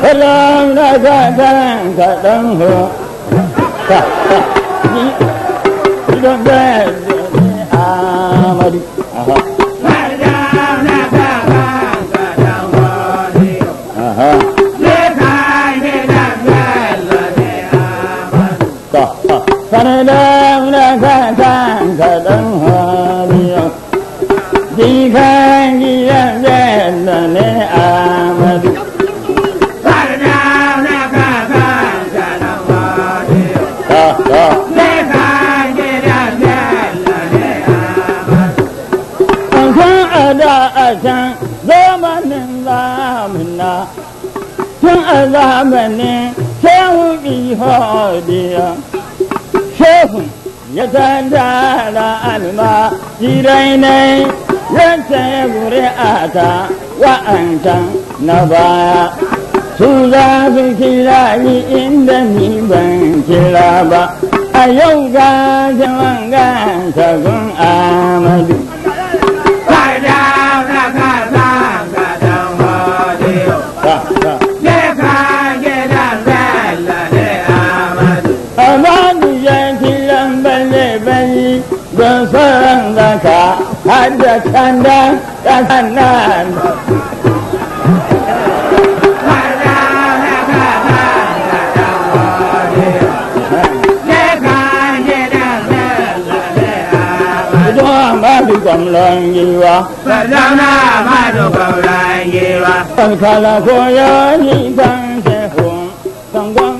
Salam na zagan ka dan ho. Ka ka. Ni don da amadi. Aha. Salam na tun a da a can zamanin zamina tun a zamanin shehun ihodiya shehu ya da alma jirai ne yanta ya gure a ta wa'anta na baya su za su kira ni inda ni ban kira ba a yau ga jaman ga amadu بفضلك حدثنا تهنان cầm lần gì wa Phật giáo na ma đồ cầm lần gì wa Phật khả là khổ nhớ nhị tăng sẽ hùng tăng quang